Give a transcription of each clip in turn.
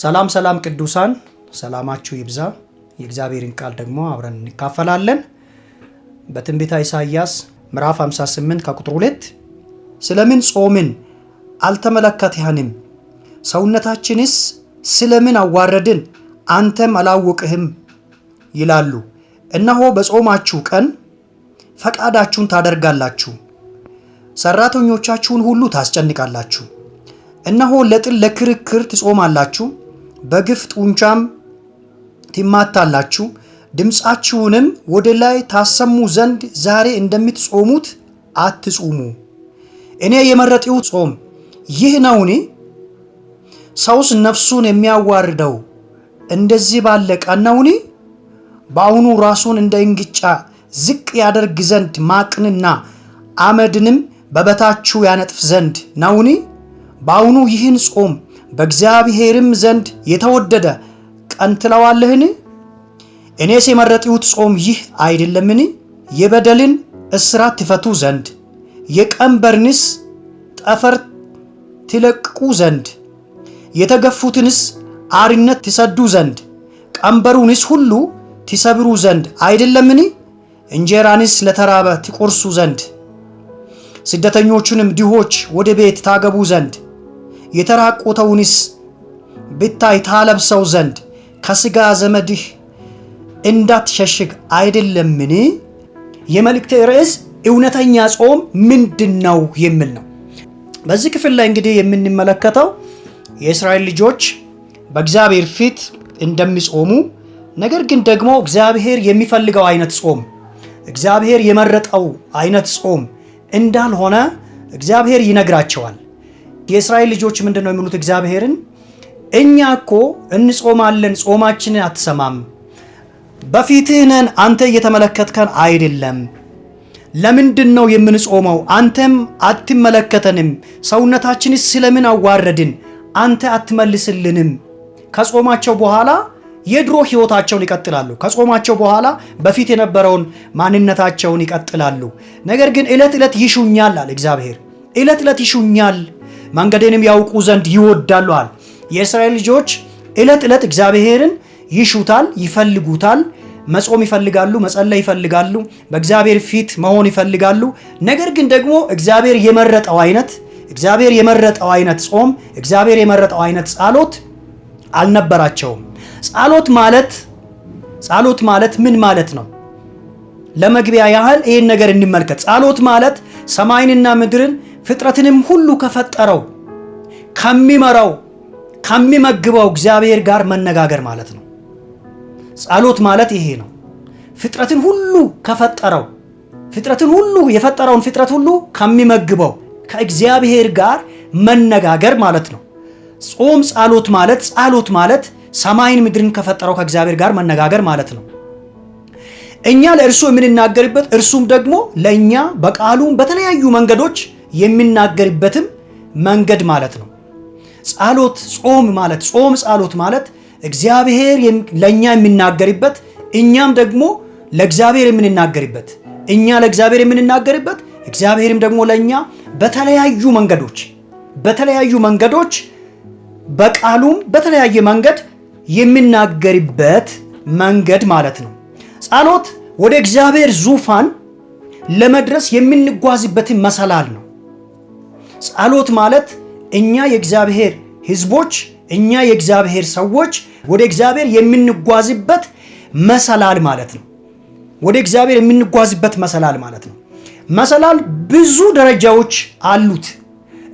ሰላም ሰላም ቅዱሳን ሰላማችሁ ይብዛ። የእግዚአብሔርን ቃል ደግሞ አብረን እንካፈላለን። በትንቢተ ኢሳይያስ ምዕራፍ 58 ከቁጥር 2 ስለምን ጾምን አልተመለከትህንም? ሰውነታችንስ ስለምን አዋረድን አንተም አላወቅህም ይላሉ። እነሆ በጾማችሁ ቀን ፈቃዳችሁን ታደርጋላችሁ፣ ሰራተኞቻችሁን ሁሉ ታስጨንቃላችሁ። እነሆ ለጥል ለክርክር ትጾማላችሁ በግፍ ጡንቻም ትማታላችሁ፣ ድምፃችሁንም ወደ ላይ ታሰሙ ዘንድ ዛሬ እንደምትጾሙት አትጹሙ። እኔ የመረጤው ጾም ይህ ነውን? ሰውስ ነፍሱን የሚያዋርደው እንደዚህ ባለ ቀን ነውን? በአሁኑ ራሱን እንደ እንግጫ ዝቅ ያደርግ ዘንድ ማቅንና አመድንም በበታችሁ ያነጥፍ ዘንድ ነውን? በአሁኑ ይህን ጾም በእግዚአብሔርም ዘንድ የተወደደ ቀን ትለዋለህን? እኔስ የመረጥሁት ጾም ይህ አይደለምን? የበደልን እስራት ትፈቱ ዘንድ የቀንበርንስ ጠፈር ትለቅቁ ዘንድ የተገፉትንስ አርነት ትሰዱ ዘንድ ቀንበሩንስ ሁሉ ትሰብሩ ዘንድ አይደለምን? እንጀራንስ ለተራበ ትቆርሱ ዘንድ ስደተኞቹንም ድሆች ወደ ቤት ታገቡ ዘንድ የተራቆተውንስ ብታይ ታለብሰው ዘንድ ከሥጋ ዘመድህ እንዳትሸሽግ አይደለምን? የመልእክት ርዕስ እውነተኛ ጾም ምንድን ነው የሚል ነው። በዚህ ክፍል ላይ እንግዲህ የምንመለከተው የእስራኤል ልጆች በእግዚአብሔር ፊት እንደሚጾሙ ነገር ግን ደግሞ እግዚአብሔር የሚፈልገው አይነት ጾም እግዚአብሔር የመረጠው አይነት ጾም እንዳልሆነ እግዚአብሔር ይነግራቸዋል። የእስራኤል ልጆች ምንድን ነው የሚሉት? እግዚአብሔርን እኛ እኮ እንጾማለን፣ ጾማችንን አትሰማም፣ በፊትህ ነን፣ አንተ እየተመለከትከን አይደለም። ለምንድን ነው የምንጾመው? አንተም አትመለከተንም። ሰውነታችንስ ስለምን አዋረድን? አንተ አትመልስልንም። ከጾማቸው በኋላ የድሮ ህይወታቸውን ይቀጥላሉ። ከጾማቸው በኋላ በፊት የነበረውን ማንነታቸውን ይቀጥላሉ። ነገር ግን ዕለት ዕለት ይሹኛል አለ እግዚአብሔር። ዕለት ዕለት ይሹኛል መንገዴንም ያውቁ ዘንድ ይወዳሉ አለ። የእስራኤል ልጆች ዕለት ዕለት እግዚአብሔርን ይሹታል፣ ይፈልጉታል። መጾም ይፈልጋሉ፣ መጸለይ ይፈልጋሉ፣ በእግዚአብሔር ፊት መሆን ይፈልጋሉ። ነገር ግን ደግሞ እግዚአብሔር የመረጠው አይነት እግዚአብሔር የመረጠው አይነት ጾም፣ እግዚአብሔር የመረጠው አይነት ጸሎት አልነበራቸውም። ጸሎት ማለት ጸሎት ማለት ምን ማለት ነው? ለመግቢያ ያህል ይህን ነገር እንመልከት። ጸሎት ማለት ሰማይንና ምድርን ፍጥረትንም ሁሉ ከፈጠረው ከሚመራው ከሚመግበው እግዚአብሔር ጋር መነጋገር ማለት ነው። ጸሎት ማለት ይሄ ነው። ፍጥረትን ሁሉ ከፈጠረው ፍጥረትን ሁሉ የፈጠረውን ፍጥረት ሁሉ ከሚመግበው ከእግዚአብሔር ጋር መነጋገር ማለት ነው። ጾም ጸሎት ማለት ጸሎት ማለት ሰማይን ምድርን ከፈጠረው ከእግዚአብሔር ጋር መነጋገር ማለት ነው። እኛ ለእርሱ የምንናገርበት እርሱም ደግሞ ለእኛ በቃሉም በተለያዩ መንገዶች የሚናገርበትም መንገድ ማለት ነው። ጸሎት ጾም ማለት ጾም ጸሎት ማለት እግዚአብሔር ለእኛ የሚናገርበት እኛም ደግሞ ለእግዚአብሔር የምንናገርበት እኛ ለእግዚአብሔር የምንናገርበት እግዚአብሔርም ደግሞ ለእኛ በተለያዩ መንገዶች በተለያዩ መንገዶች በቃሉም በተለያየ መንገድ የሚናገርበት መንገድ ማለት ነው። ጸሎት ወደ እግዚአብሔር ዙፋን ለመድረስ የምንጓዝበትን መሰላል ነው። ጸሎት ማለት እኛ የእግዚአብሔር ህዝቦች እኛ የእግዚአብሔር ሰዎች ወደ እግዚአብሔር የምንጓዝበት መሰላል ማለት ነው። ወደ እግዚአብሔር የምንጓዝበት መሰላል ማለት ነው። መሰላል ብዙ ደረጃዎች አሉት።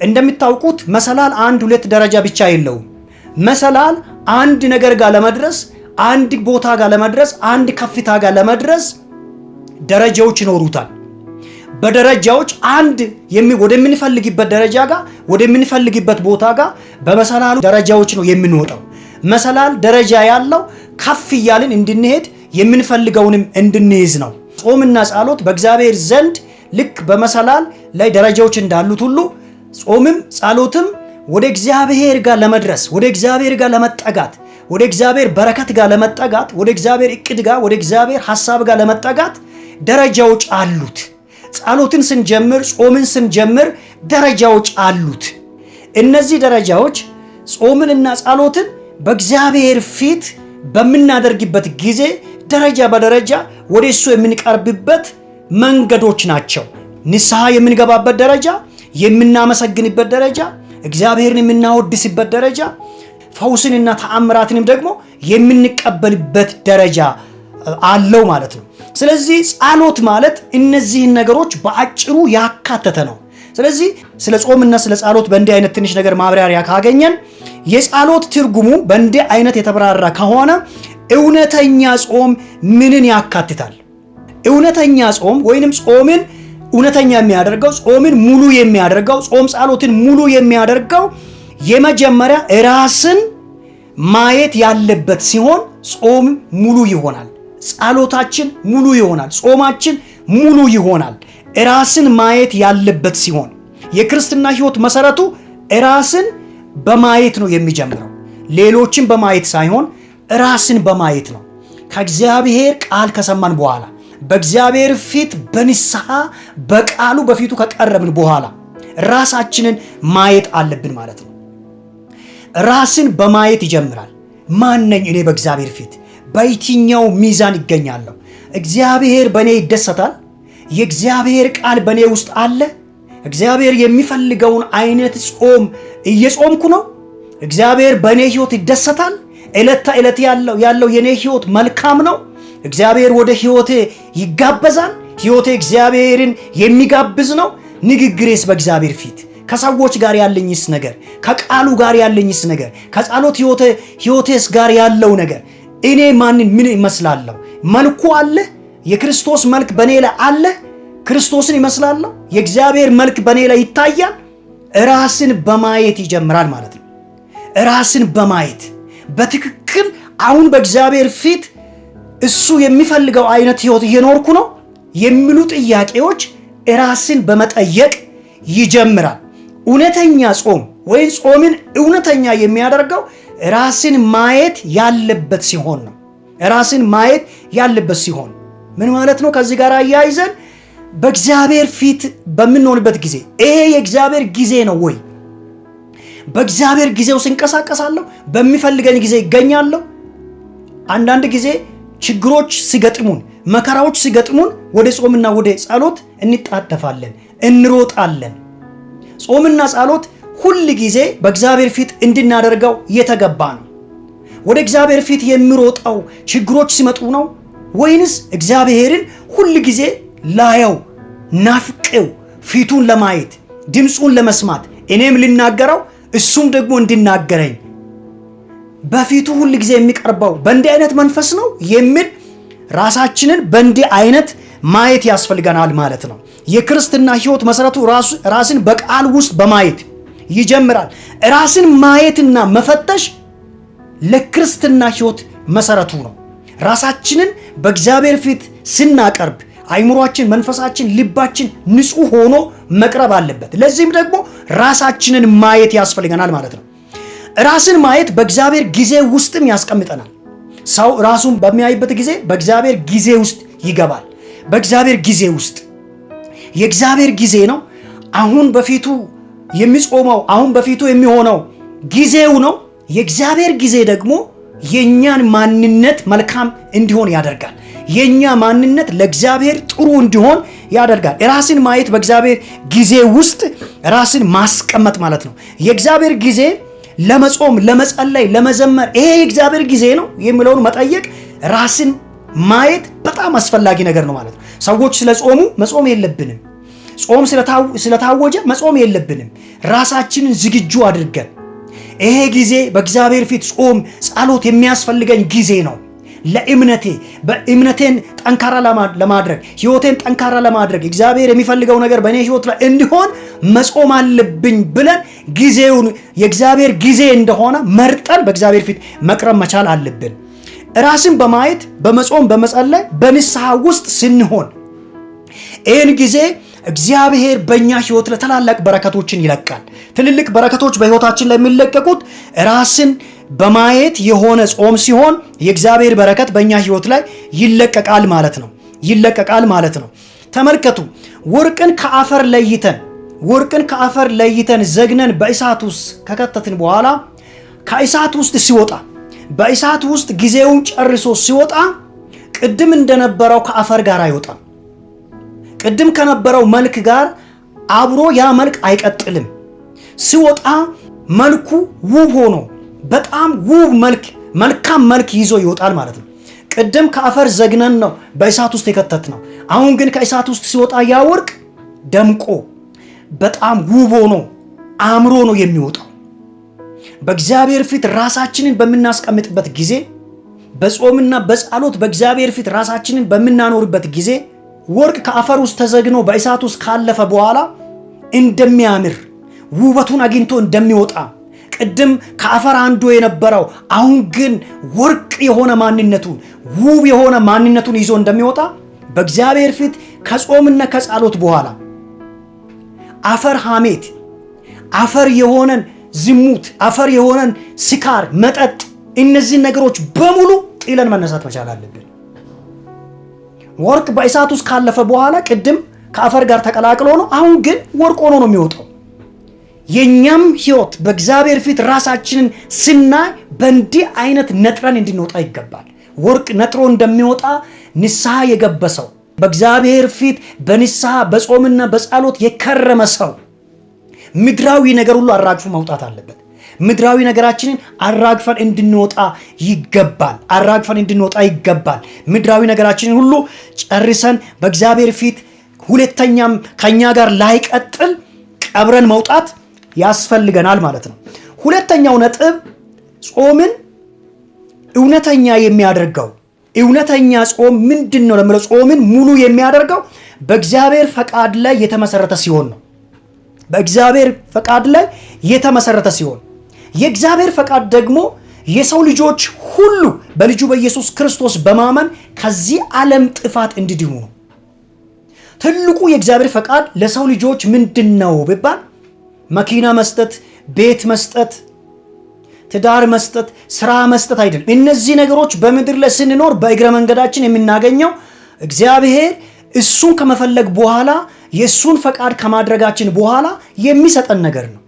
እንደምታውቁት መሰላል አንድ ሁለት ደረጃ ብቻ የለውም። መሰላል አንድ ነገር ጋር ለመድረስ አንድ ቦታ ጋር ለመድረስ አንድ ከፍታ ጋር ለመድረስ ደረጃዎች ይኖሩታል። በደረጃዎች አንድ ወደምንፈልግበት ደረጃ ጋር ወደምንፈልግበት ቦታ ጋር በመሰላሉ ደረጃዎች ነው የምንወጣው። መሰላል ደረጃ ያለው ከፍ እያልን እንድንሄድ የምንፈልገውንም እንድንይዝ ነው። ጾምና ጸሎት በእግዚአብሔር ዘንድ ልክ በመሰላል ላይ ደረጃዎች እንዳሉት ሁሉ ጾምም ጸሎትም ወደ እግዚአብሔር ጋር ለመድረስ ወደ እግዚአብሔር ጋር ለመጠጋት ወደ እግዚአብሔር በረከት ጋር ለመጠጋት ወደ እግዚአብሔር እቅድ ጋር ወደ እግዚአብሔር ሀሳብ ጋር ለመጠጋት ደረጃዎች አሉት። ጸሎትን ስንጀምር፣ ጾምን ስንጀምር ደረጃዎች አሉት። እነዚህ ደረጃዎች ጾምንና ጸሎትን በእግዚአብሔር ፊት በምናደርግበት ጊዜ ደረጃ በደረጃ ወደ እሱ የምንቀርብበት መንገዶች ናቸው። ንስሐ የምንገባበት ደረጃ፣ የምናመሰግንበት ደረጃ፣ እግዚአብሔርን የምናወድስበት ደረጃ፣ ፈውስንና ተአምራትንም ደግሞ የምንቀበልበት ደረጃ አለው ማለት ነው። ስለዚህ ጸሎት ማለት እነዚህን ነገሮች በአጭሩ ያካተተ ነው። ስለዚህ ስለ ጾምና ስለ ጸሎት በእንዲህ አይነት ትንሽ ነገር ማብራሪያ ካገኘን የጸሎት ትርጉሙ በእንዲህ አይነት የተብራራ ከሆነ እውነተኛ ጾም ምንን ያካትታል? እውነተኛ ጾም ወይንም ጾምን እውነተኛ የሚያደርገው ጾምን ሙሉ የሚያደርገው ጾም ጸሎትን ሙሉ የሚያደርገው የመጀመሪያ ራስን ማየት ያለበት ሲሆን ጾም ሙሉ ይሆናል። ጸሎታችን ሙሉ ይሆናል። ጾማችን ሙሉ ይሆናል። ራስን ማየት ያለበት ሲሆን የክርስትና ህይወት መሰረቱ ራስን በማየት ነው የሚጀምረው። ሌሎችን በማየት ሳይሆን ራስን በማየት ነው። ከእግዚአብሔር ቃል ከሰማን በኋላ በእግዚአብሔር ፊት በንስሐ በቃሉ በፊቱ ከቀረብን በኋላ ራሳችንን ማየት አለብን ማለት ነው። ራስን በማየት ይጀምራል። ማነኝ እኔ በእግዚአብሔር ፊት በየትኛው ሚዛን ይገኛለሁ? እግዚአብሔር በእኔ ይደሰታል? የእግዚአብሔር ቃል በእኔ ውስጥ አለ? እግዚአብሔር የሚፈልገውን አይነት ጾም እየጾምኩ ነው? እግዚአብሔር በእኔ ህይወት ይደሰታል? ዕለት ተዕለት ያለው ያለው የእኔ ህይወት መልካም ነው? እግዚአብሔር ወደ ህይወቴ ይጋበዛል? ህይወቴ እግዚአብሔርን የሚጋብዝ ነው? ንግግሬስ በእግዚአብሔር ፊት ከሰዎች ጋር ያለኝስ ነገር ከቃሉ ጋር ያለኝስ ነገር ከጸሎት ህይወቴስ ጋር ያለው ነገር እኔ ማንን ምን ይመስላለሁ? መልኩ አለ። የክርስቶስ መልክ በእኔ ላይ አለ። ክርስቶስን ይመስላለሁ። የእግዚአብሔር መልክ በእኔ ላይ ይታያል። እራስን በማየት ይጀምራል ማለት ነው። እራስን በማየት በትክክል አሁን በእግዚአብሔር ፊት እሱ የሚፈልገው አይነት ህይወት እየኖርኩ ነው የሚሉ ጥያቄዎች እራስን በመጠየቅ ይጀምራል። እውነተኛ ጾም ወይም ጾምን እውነተኛ የሚያደርገው ራስን ማየት ያለበት ሲሆን ነው። ራስን ማየት ያለበት ሲሆን ምን ማለት ነው? ከዚህ ጋር አያይዘን በእግዚአብሔር ፊት በምንሆንበት ጊዜ ይሄ የእግዚአብሔር ጊዜ ነው ወይ? በእግዚአብሔር ጊዜው ስንቀሳቀሳለሁ፣ በሚፈልገኝ ጊዜ ይገኛለሁ። አንዳንድ ጊዜ ችግሮች ሲገጥሙን፣ መከራዎች ሲገጥሙን ወደ ጾምና ወደ ጸሎት እንጣደፋለን፣ እንሮጣለን። ጾምና ጸሎት ሁል ጊዜ በእግዚአብሔር ፊት እንድናደርገው የተገባ ነው። ወደ እግዚአብሔር ፊት የሚሮጣው ችግሮች ሲመጡ ነው ወይንስ እግዚአብሔርን ሁል ጊዜ ላየው ናፍቄው ፊቱን ለማየት ድምፁን ለመስማት እኔም ልናገረው እሱም ደግሞ እንድናገረኝ በፊቱ ሁል ጊዜ የሚቀርበው በእንዲህ አይነት መንፈስ ነው የሚል ራሳችንን በእንዲህ አይነት ማየት ያስፈልገናል ማለት ነው። የክርስትና ሕይወት መሰረቱ ራስን በቃል ውስጥ በማየት ይጀምራል። ራስን ማየትና መፈተሽ ለክርስትና ህይወት መሰረቱ ነው። ራሳችንን በእግዚአብሔር ፊት ስናቀርብ አይምሯችን፣ መንፈሳችን፣ ልባችን ንጹህ ሆኖ መቅረብ አለበት። ለዚህም ደግሞ ራሳችንን ማየት ያስፈልገናል ማለት ነው። ራስን ማየት በእግዚአብሔር ጊዜ ውስጥም ያስቀምጠናል። ሰው ራሱን በሚያይበት ጊዜ በእግዚአብሔር ጊዜ ውስጥ ይገባል። በእግዚአብሔር ጊዜ ውስጥ የእግዚአብሔር ጊዜ ነው። አሁን በፊቱ የሚጾመው አሁን በፊቱ የሚሆነው ጊዜው ነው። የእግዚአብሔር ጊዜ ደግሞ የእኛን ማንነት መልካም እንዲሆን ያደርጋል። የእኛ ማንነት ለእግዚአብሔር ጥሩ እንዲሆን ያደርጋል። ራስን ማየት በእግዚአብሔር ጊዜ ውስጥ ራስን ማስቀመጥ ማለት ነው። የእግዚአብሔር ጊዜ ለመጾም፣ ለመጸለይ፣ ለመዘመር ይሄ የእግዚአብሔር ጊዜ ነው የሚለውን መጠየቅ ራስን ማየት በጣም አስፈላጊ ነገር ነው ማለት ነው። ሰዎች ስለጾሙ መጾም የለብንም ጾም ስለታወጀ መጾም የለብንም። ራሳችንን ዝግጁ አድርገን ይሄ ጊዜ በእግዚአብሔር ፊት ጾም፣ ጸሎት የሚያስፈልገኝ ጊዜ ነው። ለእምነቴ በእምነቴን ጠንካራ ለማድረግ ህይወቴን ጠንካራ ለማድረግ እግዚአብሔር የሚፈልገው ነገር በእኔ ህይወት ላይ እንዲሆን መጾም አለብኝ ብለን ጊዜውን የእግዚአብሔር ጊዜ እንደሆነ መርጠን በእግዚአብሔር ፊት መቅረብ መቻል አለብን። ራስን በማየት በመጾም በመጸለይ በንስሐ ውስጥ ስንሆን ይህን ጊዜ እግዚአብሔር በእኛ ህይወት ለታላላቅ በረከቶችን ይለቃል። ትልልቅ በረከቶች በህይወታችን ላይ የሚለቀቁት ራስን በማየት የሆነ ጾም ሲሆን የእግዚአብሔር በረከት በእኛ ህይወት ላይ ይለቀቃል ማለት ነው። ይለቀቃል ማለት ነው። ተመልከቱ፣ ወርቅን ከአፈር ለይተን ወርቅን ከአፈር ለይተን ዘግነን በእሳት ውስጥ ከከተትን በኋላ ከእሳት ውስጥ ሲወጣ በእሳት ውስጥ ጊዜውን ጨርሶ ሲወጣ ቅድም እንደነበረው ከአፈር ጋር አይወጣም። ቅድም ከነበረው መልክ ጋር አብሮ ያ መልክ አይቀጥልም። ሲወጣ መልኩ ውብ ሆኖ በጣም ውብ መልክ መልካም መልክ ይዞ ይወጣል ማለት ነው። ቅድም ከአፈር ዘግነን ነው በእሳት ውስጥ የከተት ነው። አሁን ግን ከእሳት ውስጥ ሲወጣ ያ ወርቅ ደምቆ በጣም ውብ ሆኖ አምሮ ነው የሚወጣው። በእግዚአብሔር ፊት ራሳችንን በምናስቀምጥበት ጊዜ፣ በጾምና በጸሎት በእግዚአብሔር ፊት ራሳችንን በምናኖርበት ጊዜ ወርቅ ከአፈር ውስጥ ተዘግኖ በእሳት ውስጥ ካለፈ በኋላ እንደሚያምር ውበቱን አግኝቶ እንደሚወጣ ቅድም ከአፈር አንዱ የነበረው አሁን ግን ወርቅ የሆነ ማንነቱን ውብ የሆነ ማንነቱን ይዞ እንደሚወጣ በእግዚአብሔር ፊት ከጾምና ከጸሎት በኋላ አፈር ሐሜት፣ አፈር የሆነን ዝሙት፣ አፈር የሆነን ስካር፣ መጠጥ እነዚህን ነገሮች በሙሉ ጥለን መነሳት መቻል አለብን። ወርቅ በእሳት ውስጥ ካለፈ በኋላ ቅድም ከአፈር ጋር ተቀላቅሎ ነው። አሁን ግን ወርቅ ሆኖ ነው የሚወጣው። የእኛም ህይወት በእግዚአብሔር ፊት ራሳችንን ስናይ በእንዲህ አይነት ነጥረን እንድንወጣ ይገባል። ወርቅ ነጥሮ እንደሚወጣ ንስሐ የገባ ሰው፣ በእግዚአብሔር ፊት በንስሐ በጾምና በጸሎት የከረመ ሰው ምድራዊ ነገር ሁሉ አራግፎ ማውጣት አለበት። ምድራዊ ነገራችንን አራግፈን እንድንወጣ ይገባል። አራግፈን እንድንወጣ ይገባል። ምድራዊ ነገራችንን ሁሉ ጨርሰን በእግዚአብሔር ፊት ሁለተኛም ከኛ ጋር ላይቀጥል ቀብረን መውጣት ያስፈልገናል ማለት ነው። ሁለተኛው ነጥብ ጾምን እውነተኛ የሚያደርገው እውነተኛ ጾም ምንድን ነው ለምለው ጾምን ሙሉ የሚያደርገው በእግዚአብሔር ፈቃድ ላይ የተመሰረተ ሲሆን ነው። በእግዚአብሔር ፈቃድ ላይ የተመሰረተ ሲሆን የእግዚአብሔር ፈቃድ ደግሞ የሰው ልጆች ሁሉ በልጁ በኢየሱስ ክርስቶስ በማመን ከዚህ ዓለም ጥፋት እንዲድኑ ነው። ትልቁ የእግዚአብሔር ፈቃድ ለሰው ልጆች ምንድን ነው ቢባል መኪና መስጠት፣ ቤት መስጠት፣ ትዳር መስጠት፣ ስራ መስጠት አይደለም። እነዚህ ነገሮች በምድር ላይ ስንኖር በእግረ መንገዳችን የምናገኘው እግዚአብሔር እሱን ከመፈለግ በኋላ የእሱን ፈቃድ ከማድረጋችን በኋላ የሚሰጠን ነገር ነው።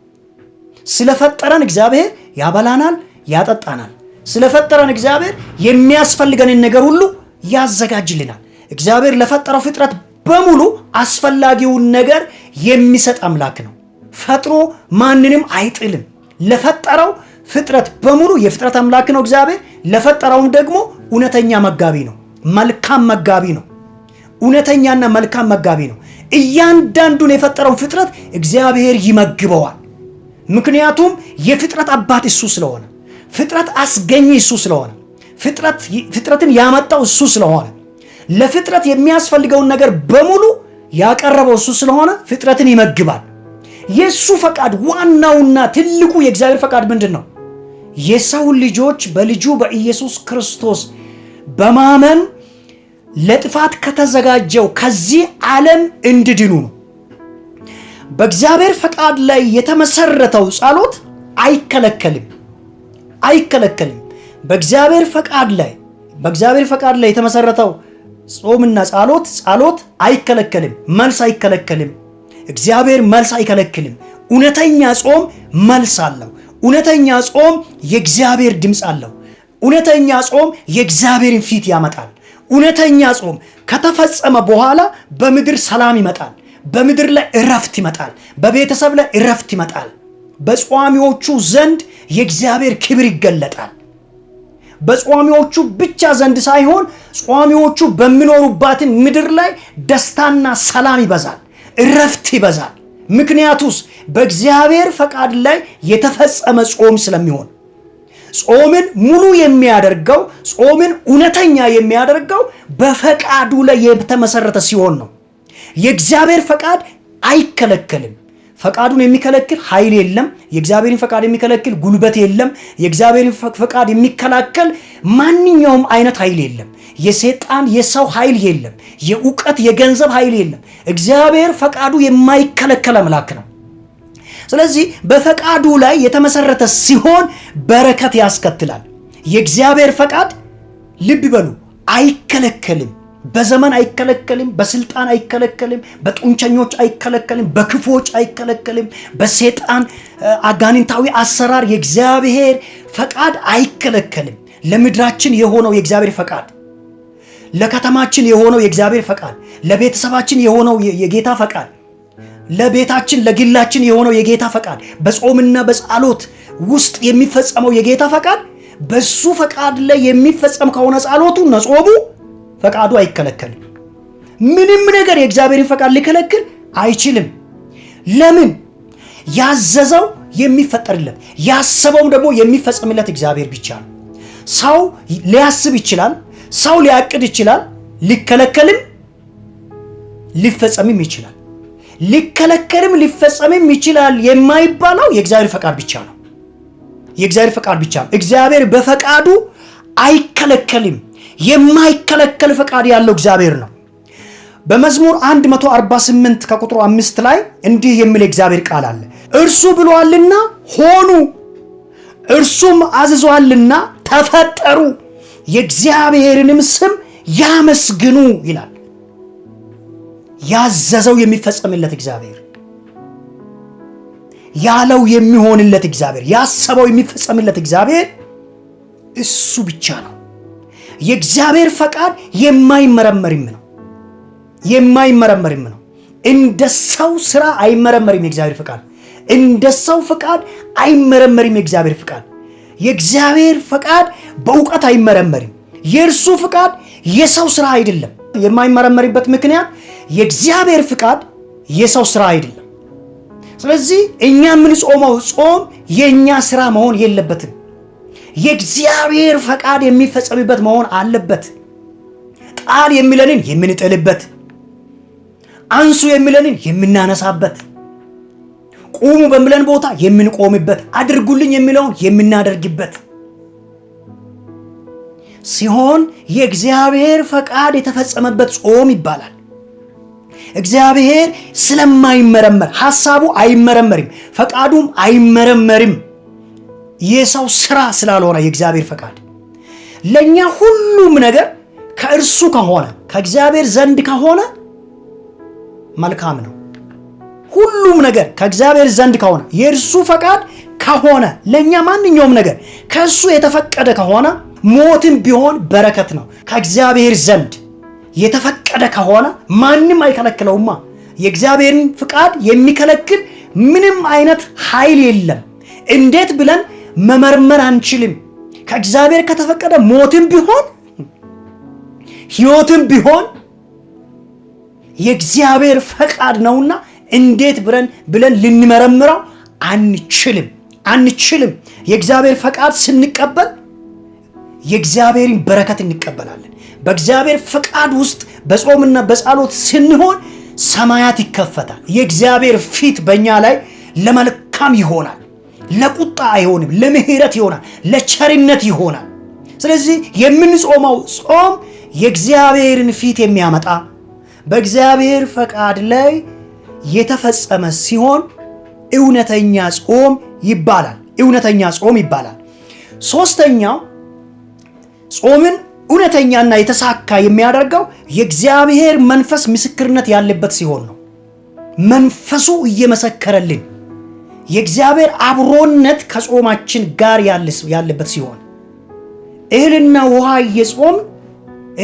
ስለፈጠረን እግዚአብሔር ያበላናል፣ ያጠጣናል። ስለፈጠረን እግዚአብሔር የሚያስፈልገንን ነገር ሁሉ ያዘጋጅልናል። እግዚአብሔር ለፈጠረው ፍጥረት በሙሉ አስፈላጊውን ነገር የሚሰጥ አምላክ ነው። ፈጥሮ ማንንም አይጥልም። ለፈጠረው ፍጥረት በሙሉ የፍጥረት አምላክ ነው እግዚአብሔር። ለፈጠረውም ደግሞ እውነተኛ መጋቢ ነው፣ መልካም መጋቢ ነው። እውነተኛና መልካም መጋቢ ነው። እያንዳንዱን የፈጠረውን ፍጥረት እግዚአብሔር ይመግበዋል። ምክንያቱም የፍጥረት አባት እሱ ስለሆነ ፍጥረት አስገኝ እሱ ስለሆነ ፍጥረትን ያመጣው እሱ ስለሆነ ለፍጥረት የሚያስፈልገውን ነገር በሙሉ ያቀረበው እሱ ስለሆነ ፍጥረትን ይመግባል። የእሱ ፈቃድ ዋናውና ትልቁ የእግዚአብሔር ፈቃድ ምንድን ነው? የሰው ልጆች በልጁ በኢየሱስ ክርስቶስ በማመን ለጥፋት ከተዘጋጀው ከዚህ ዓለም እንድድኑ ነው። በእግዚአብሔር ፈቃድ ላይ የተመሰረተው ጸሎት አይከለከልም አይከለከልም። በእግዚአብሔር ፈቃድ ላይ በእግዚአብሔር ፈቃድ ላይ የተመሰረተው ጾምና ጸሎት ጸሎት አይከለከልም። መልስ አይከለከልም። እግዚአብሔር መልስ አይከለክልም። እውነተኛ ጾም መልስ አለው። እውነተኛ ጾም የእግዚአብሔር ድምፅ አለው። እውነተኛ ጾም የእግዚአብሔርን ፊት ያመጣል። እውነተኛ ጾም ከተፈጸመ በኋላ በምድር ሰላም ይመጣል። በምድር ላይ እረፍት ይመጣል። በቤተሰብ ላይ እረፍት ይመጣል። በጿሚዎቹ ዘንድ የእግዚአብሔር ክብር ይገለጣል። በጿሚዎቹ ብቻ ዘንድ ሳይሆን ጿሚዎቹ በሚኖሩባትን ምድር ላይ ደስታና ሰላም ይበዛል፣ እረፍት ይበዛል። ምክንያቱስ በእግዚአብሔር ፈቃድ ላይ የተፈጸመ ጾም ስለሚሆን ጾምን ሙሉ የሚያደርገው ጾምን እውነተኛ የሚያደርገው በፈቃዱ ላይ የተመሰረተ ሲሆን ነው። የእግዚአብሔር ፈቃድ አይከለከልም። ፈቃዱን የሚከለክል ኃይል የለም። የእግዚአብሔርን ፈቃድ የሚከለክል ጉልበት የለም። የእግዚአብሔርን ፈቃድ የሚከላከል ማንኛውም አይነት ኃይል የለም። የሰይጣን የሰው ኃይል የለም። የእውቀት የገንዘብ ኃይል የለም። እግዚአብሔር ፈቃዱ የማይከለከል አምላክ ነው። ስለዚህ በፈቃዱ ላይ የተመሰረተ ሲሆን በረከት ያስከትላል። የእግዚአብሔር ፈቃድ ልብ በሉ አይከለከልም። በዘመን አይከለከልም፣ በስልጣን አይከለከልም፣ በጡንቸኞች አይከለከልም፣ በክፎች አይከለከልም፣ በሴጣን አጋንንታዊ አሰራር የእግዚአብሔር ፈቃድ አይከለከልም። ለምድራችን የሆነው የእግዚአብሔር ፈቃድ፣ ለከተማችን የሆነው የእግዚአብሔር ፈቃድ፣ ለቤተሰባችን የሆነው የጌታ ፈቃድ፣ ለቤታችን ለግላችን የሆነው የጌታ ፈቃድ፣ በጾምና በጸሎት ውስጥ የሚፈጸመው የጌታ ፈቃድ በሱ ፈቃድ ላይ የሚፈጸም ከሆነ ጸሎቱ ነጾሙ ፈቃዱ አይከለከልም። ምንም ነገር የእግዚአብሔርን ፈቃድ ሊከለክል አይችልም። ለምን? ያዘዘው የሚፈጠርለት ያሰበውም ደግሞ የሚፈጸምለት እግዚአብሔር ብቻ ነው። ሰው ሊያስብ ይችላል፣ ሰው ሊያቅድ ይችላል፣ ሊከለከልም ሊፈጸምም ይችላል። ሊከለከልም ሊፈጸምም ይችላል የማይባለው የእግዚአብሔር ፈቃድ ብቻ ነው። የእግዚአብሔር ፈቃድ ብቻ ነው። እግዚአብሔር በፈቃዱ አይከለከልም። የማይከለከል ፈቃድ ያለው እግዚአብሔር ነው። በመዝሙር 148 ከቁጥሩ አምስት ላይ እንዲህ የሚል የእግዚአብሔር ቃል አለ። እርሱ ብሏልና ሆኑ፣ እርሱም አዝዟልና ተፈጠሩ፣ የእግዚአብሔርንም ስም ያመስግኑ ይላል። ያዘዘው የሚፈጸምለት እግዚአብሔር፣ ያለው የሚሆንለት እግዚአብሔር፣ ያሰበው የሚፈጸምለት እግዚአብሔር እሱ ብቻ ነው። የእግዚአብሔር ፈቃድ የማይመረመርም ነው። የማይመረመርም ነው። እንደ ሰው ስራ አይመረመርም። የእግዚአብሔር ፈቃድ እንደ ሰው ፈቃድ አይመረመርም። የእግዚአብሔር ፈቃድ የእግዚአብሔር ፈቃድ በእውቀት አይመረመርም። የእርሱ ፈቃድ የሰው ስራ አይደለም። የማይመረመርበት ምክንያት የእግዚአብሔር ፍቃድ የሰው ስራ አይደለም። ስለዚህ እኛ የምንጾመው ጾም የእኛ ስራ መሆን የለበትም። የእግዚአብሔር ፈቃድ የሚፈጸምበት መሆን አለበት። ጣል የሚለንን የምንጥልበት፣ አንሱ የሚለንን የምናነሳበት፣ ቁሙ በሚለን ቦታ የምንቆምበት፣ አድርጉልኝ የሚለውን የምናደርግበት ሲሆን የእግዚአብሔር ፈቃድ የተፈጸመበት ጾም ይባላል። እግዚአብሔር ስለማይመረመር ሐሳቡ አይመረመርም፣ ፈቃዱም አይመረመርም። የሰው ስራ ስላልሆነ የእግዚአብሔር ፈቃድ ለእኛ ሁሉም ነገር ከእርሱ ከሆነ ከእግዚአብሔር ዘንድ ከሆነ መልካም ነው። ሁሉም ነገር ከእግዚአብሔር ዘንድ ከሆነ የእርሱ ፈቃድ ከሆነ ለእኛ ማንኛውም ነገር ከእሱ የተፈቀደ ከሆነ ሞትን ቢሆን በረከት ነው። ከእግዚአብሔር ዘንድ የተፈቀደ ከሆነ ማንም አይከለክለውማ። የእግዚአብሔርን ፍቃድ የሚከለክል ምንም አይነት ኃይል የለም። እንዴት ብለን መመርመር አንችልም። ከእግዚአብሔር ከተፈቀደ ሞትም ቢሆን ህይወትም ቢሆን የእግዚአብሔር ፈቃድ ነውና እንዴት ብለን ብለን ልንመረምረው አንችልም አንችልም። የእግዚአብሔር ፈቃድ ስንቀበል የእግዚአብሔርን በረከት እንቀበላለን። በእግዚአብሔር ፈቃድ ውስጥ በጾምና በጸሎት ስንሆን ሰማያት ይከፈታል። የእግዚአብሔር ፊት በእኛ ላይ ለመልካም ይሆናል። ለቁጣ አይሆንም፣ ለምህረት ይሆናል፣ ለቸርነት ይሆናል። ስለዚህ የምንጾመው ጾም የእግዚአብሔርን ፊት የሚያመጣ በእግዚአብሔር ፈቃድ ላይ የተፈጸመ ሲሆን እውነተኛ ጾም ይባላል። እውነተኛ ጾም ይባላል። ሶስተኛው ጾምን እውነተኛና የተሳካ የሚያደርገው የእግዚአብሔር መንፈስ ምስክርነት ያለበት ሲሆን ነው። መንፈሱ እየመሰከረልን የእግዚአብሔር አብሮነት ከጾማችን ጋር ያለበት ሲሆን እህልና ውሃ እየጾም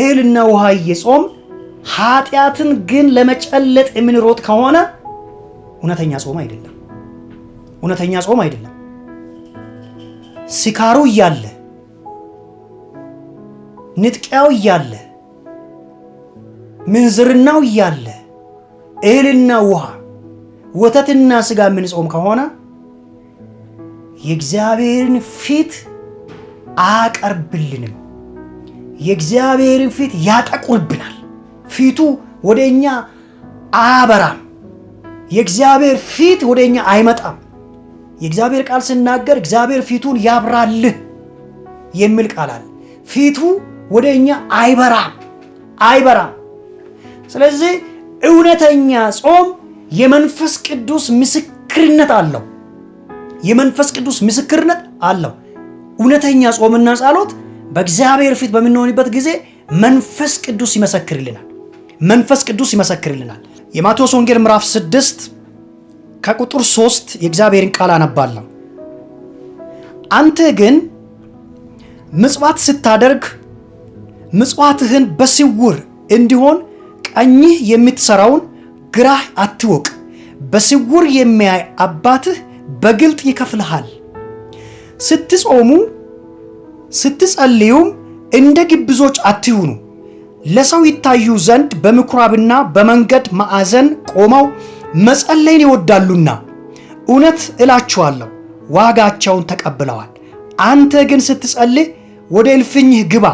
እህልና ውሃ እየጾም ኃጢአትን ግን ለመጨለጥ የምንሮጥ ከሆነ እውነተኛ ጾም አይደለም። እውነተኛ ጾም አይደለም። ስካሩ እያለ ንጥቂያው እያለ ምንዝርናው እያለ እህልና ውሃ ወተትና ስጋ የምንጾም ከሆነ የእግዚአብሔርን ፊት አያቀርብልንም። የእግዚአብሔርን ፊት ያጠቁርብናል። ፊቱ ወደ እኛ አያበራም። የእግዚአብሔር ፊት ወደ እኛ አይመጣም። የእግዚአብሔር ቃል ስናገር እግዚአብሔር ፊቱን ያብራልህ የሚል ቃል አለ። ፊቱ ወደ እኛ አይበራም አይበራም። ስለዚህ እውነተኛ ጾም የመንፈስ ቅዱስ ምስክርነት አለው። የመንፈስ ቅዱስ ምስክርነት አለው። እውነተኛ ጾምና ጸሎት በእግዚአብሔር ፊት በምንሆንበት ጊዜ መንፈስ ቅዱስ ይመሰክርልናል። መንፈስ ቅዱስ ይመሰክርልናል። የማቴዎስ ወንጌል ምዕራፍ 6 ከቁጥር 3 የእግዚአብሔርን ቃል አነባለሁ። አንተ ግን ምጽዋት ስታደርግ ምጽዋትህን በስውር እንዲሆን ቀኝህ የምትሰራውን ግራህ አትወቅ፣ በስውር የሚያይ አባትህ በግልጥ ይከፍልሃል። ስትጾሙ ስትጸልዩም እንደ ግብዞች አትሁኑ። ለሰው ይታዩ ዘንድ በምኩራብና በመንገድ ማዕዘን ቆመው መጸለይን ይወዳሉና እውነት እላችኋለሁ ዋጋቸውን ተቀብለዋል። አንተ ግን ስትጸልይ ወደ እልፍኝህ ግባ፣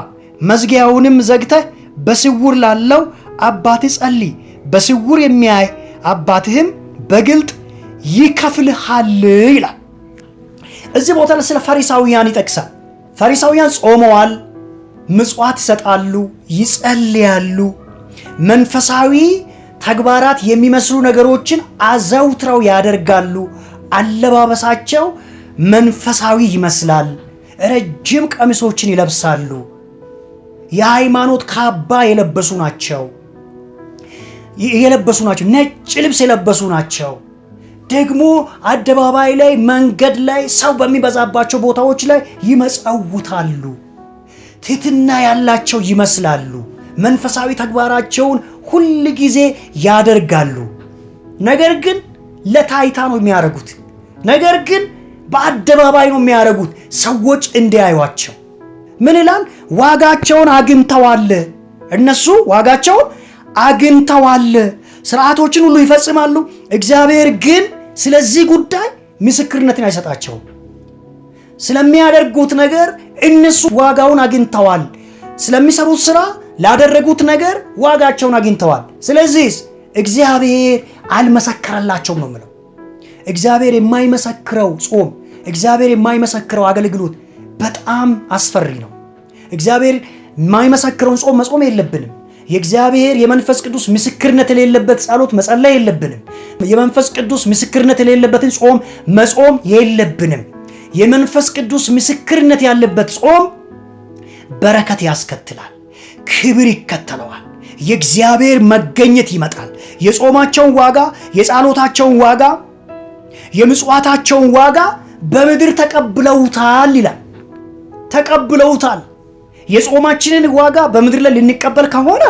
መዝጊያውንም ዘግተህ በስውር ላለው አባትህ ጸልይ በስውር የሚያይ አባትህም በግልጥ ይከፍልሃል ይላል። እዚህ ቦታ ላይ ስለ ፈሪሳውያን ይጠቅሳል። ፈሪሳውያን ጾመዋል፣ ምጽዋት ይሰጣሉ፣ ይጸልያሉ፣ መንፈሳዊ ተግባራት የሚመስሉ ነገሮችን አዘውትረው ያደርጋሉ። አለባበሳቸው መንፈሳዊ ይመስላል። ረጅም ቀሚሶችን ይለብሳሉ። የሃይማኖት ካባ የለበሱ ናቸው። የለበሱ ናቸው። ነጭ ልብስ የለበሱ ናቸው። ደግሞ አደባባይ ላይ፣ መንገድ ላይ፣ ሰው በሚበዛባቸው ቦታዎች ላይ ይመጸውታሉ። ትህትና ያላቸው ይመስላሉ። መንፈሳዊ ተግባራቸውን ሁል ጊዜ ያደርጋሉ። ነገር ግን ለታይታ ነው የሚያደርጉት። ነገር ግን በአደባባይ ነው የሚያደርጉት፣ ሰዎች እንዲያዩቸው። ምን ይላል? ዋጋቸውን አግኝተዋል። እነሱ ዋጋቸውን አግኝተዋል። ስርዓቶችን ሁሉ ይፈጽማሉ። እግዚአብሔር ግን ስለዚህ ጉዳይ ምስክርነትን አይሰጣቸው ስለሚያደርጉት ነገር እነሱ ዋጋውን አግኝተዋል። ስለሚሰሩት ስራ ላደረጉት ነገር ዋጋቸውን አግኝተዋል። ስለዚህ እግዚአብሔር አልመሰከረላቸውም ነው የምለው። እግዚአብሔር የማይመሰክረው ጾም፣ እግዚአብሔር የማይመሰክረው አገልግሎት በጣም አስፈሪ ነው። እግዚአብሔር የማይመሰክረውን ጾም መጾም የለብንም። የእግዚአብሔር የመንፈስ ቅዱስ ምስክርነት የሌለበት ጸሎት መጸለይ የለብንም። የመንፈስ ቅዱስ ምስክርነት የሌለበትን ጾም መጾም የለብንም። የመንፈስ ቅዱስ ምስክርነት ያለበት ጾም በረከት ያስከትላል፣ ክብር ይከተለዋል፣ የእግዚአብሔር መገኘት ይመጣል። የጾማቸውን ዋጋ፣ የጸሎታቸውን ዋጋ፣ የምጽዋታቸውን ዋጋ በምድር ተቀብለውታል ይላል። ተቀብለውታል የጾማችንን ዋጋ በምድር ላይ ልንቀበል ከሆነ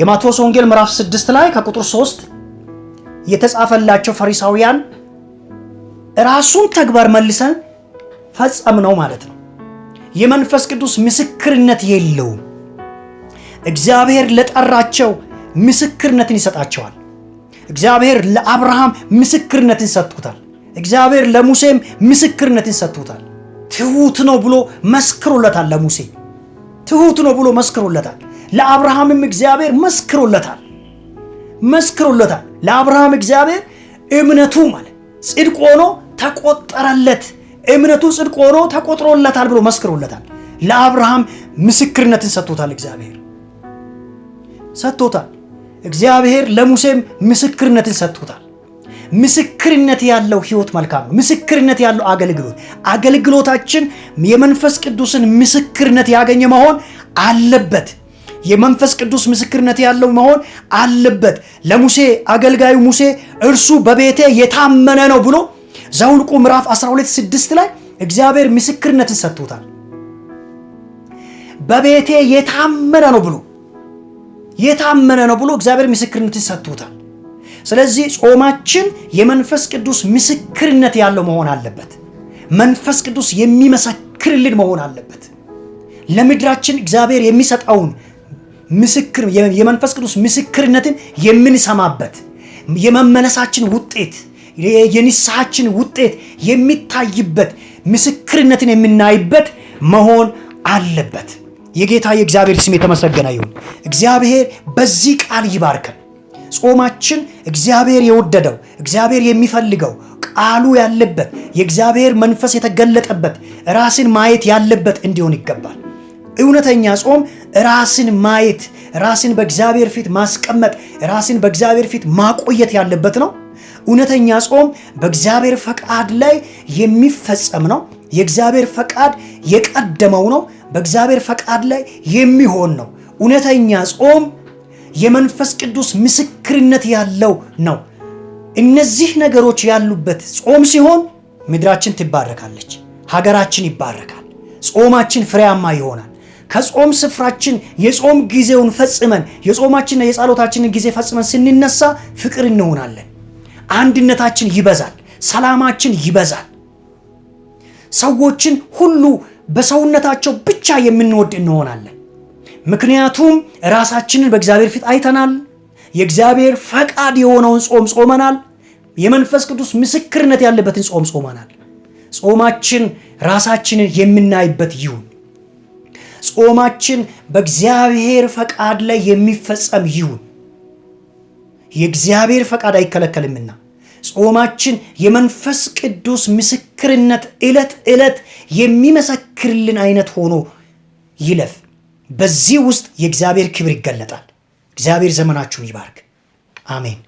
የማቴዎስ ወንጌል ምዕራፍ 6 ላይ ከቁጥር 3 የተጻፈላቸው ፈሪሳውያን ራሱን ተግባር መልሰን ፈጸም ነው ማለት ነው። የመንፈስ ቅዱስ ምስክርነት የለውም። እግዚአብሔር ለጠራቸው ምስክርነትን ይሰጣቸዋል። እግዚአብሔር ለአብርሃም ምስክርነትን ሰጥቶታል። እግዚአብሔር ለሙሴም ምስክርነትን ሰጥቶታል። ትሁት ነው ብሎ መስክሮለታል። ለሙሴ ትሁት ነው ብሎ መስክሮለታል። ለአብርሃምም እግዚአብሔር መስክሮለታል መስክሮለታል። ለአብርሃም እግዚአብሔር እምነቱ ማለት ጽድቅ ሆኖ ተቆጠረለት፣ እምነቱ ጽድቅ ሆኖ ተቆጥሮለታል ብሎ መስክሮለታል። ለአብርሃም ምስክርነትን ሰጥቶታል። እግዚአብሔር ሰጥቶታል። እግዚአብሔር ለሙሴም ምስክርነትን ሰጥቶታል። ምስክርነት ያለው ህይወት መልካም ነው። ምስክርነት ያለው አገልግሎት አገልግሎታችን የመንፈስ ቅዱስን ምስክርነት ያገኘ መሆን አለበት። የመንፈስ ቅዱስ ምስክርነት ያለው መሆን አለበት። ለሙሴ አገልጋዩ ሙሴ እርሱ በቤቴ የታመነ ነው ብሎ ዘኍልቍ ምዕራፍ 12 6 ላይ እግዚአብሔር ምስክርነትን ሰጥቶታል። በቤቴ የታመነ ነው ብሎ የታመነ ነው ብሎ እግዚአብሔር ምስክርነትን ሰጥቶታል። ስለዚህ ጾማችን የመንፈስ ቅዱስ ምስክርነት ያለው መሆን አለበት። መንፈስ ቅዱስ የሚመሰክርልን መሆን አለበት። ለምድራችን እግዚአብሔር የሚሰጠውን ምስክር የመንፈስ ቅዱስ ምስክርነትን የምንሰማበት የመመለሳችን ውጤት የንስሐችን ውጤት የሚታይበት ምስክርነትን የምናይበት መሆን አለበት። የጌታ የእግዚአብሔር ስም የተመሰገነ ይሁን። እግዚአብሔር በዚህ ቃል ይባርከን። ጾማችን እግዚአብሔር የወደደው እግዚአብሔር የሚፈልገው ቃሉ ያለበት የእግዚአብሔር መንፈስ የተገለጠበት ራስን ማየት ያለበት እንዲሆን ይገባል። እውነተኛ ጾም ራስን ማየት፣ ራስን በእግዚአብሔር ፊት ማስቀመጥ፣ ራስን በእግዚአብሔር ፊት ማቆየት ያለበት ነው። እውነተኛ ጾም በእግዚአብሔር ፈቃድ ላይ የሚፈጸም ነው። የእግዚአብሔር ፈቃድ የቀደመው ነው። በእግዚአብሔር ፈቃድ ላይ የሚሆን ነው። እውነተኛ ጾም የመንፈስ ቅዱስ ምስክርነት ያለው ነው። እነዚህ ነገሮች ያሉበት ጾም ሲሆን ምድራችን ትባረካለች፣ ሀገራችን ይባረካል፣ ጾማችን ፍሬያማ ይሆናል። ከጾም ስፍራችን የጾም ጊዜውን ፈጽመን የጾማችንና የጸሎታችንን ጊዜ ፈጽመን ስንነሳ ፍቅር እንሆናለን። አንድነታችን ይበዛል፣ ሰላማችን ይበዛል። ሰዎችን ሁሉ በሰውነታቸው ብቻ የምንወድ እንሆናለን። ምክንያቱም ራሳችንን በእግዚአብሔር ፊት አይተናል። የእግዚአብሔር ፈቃድ የሆነውን ጾም ጾመናል። የመንፈስ ቅዱስ ምስክርነት ያለበትን ጾም ጾመናል። ጾማችን ራሳችንን የምናይበት ይሁን። ጾማችን በእግዚአብሔር ፈቃድ ላይ የሚፈጸም ይሁን። የእግዚአብሔር ፈቃድ አይከለከልምና ጾማችን የመንፈስ ቅዱስ ምስክርነት ዕለት ዕለት የሚመሰክርልን አይነት ሆኖ ይለፍ። በዚህ ውስጥ የእግዚአብሔር ክብር ይገለጣል። እግዚአብሔር ዘመናችሁን ይባርክ። አሜን።